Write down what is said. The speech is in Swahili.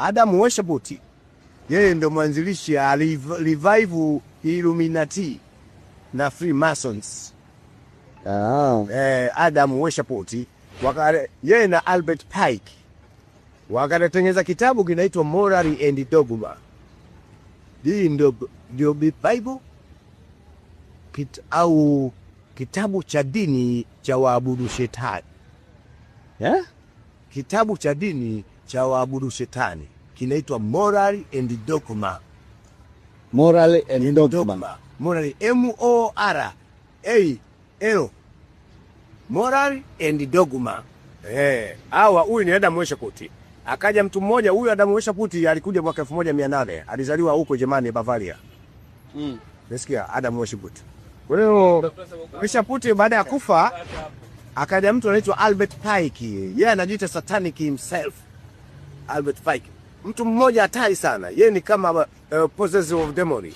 Adam Weishaupt yeye ndo mwanzilishi ya revival Illuminati na Freemasons. Oh. Eh, Adam Weishaupt yeye na Albert Pike wakatengeneza kitabu kinaitwa Moral and Dogma. Hii ndio ndio Bible Kit, au kitabu cha dini cha waabudu shetani yeah? Kitabu cha dini cha waabudu shetani kinaitwa moral and dogma. Moral and dogma. Moral, M O R A L. Moral and dogma. Eh, hawa huyu ni Adam Weishaupt. Akaja mtu mmoja huyu Adam Weishaupt alikuja mwaka 1800. Alizaliwa huko Germany Bavaria. Mm. Nasikia Adam Weishaupt. Kwa hiyo Weishaupt baada ya kufa akaja mtu anaitwa Albert Pike. Yeye yeah, anajiita satanic himself. Albert Pike, mtu mmoja hatari sana, yeye ni kama uh, possessor of demoni.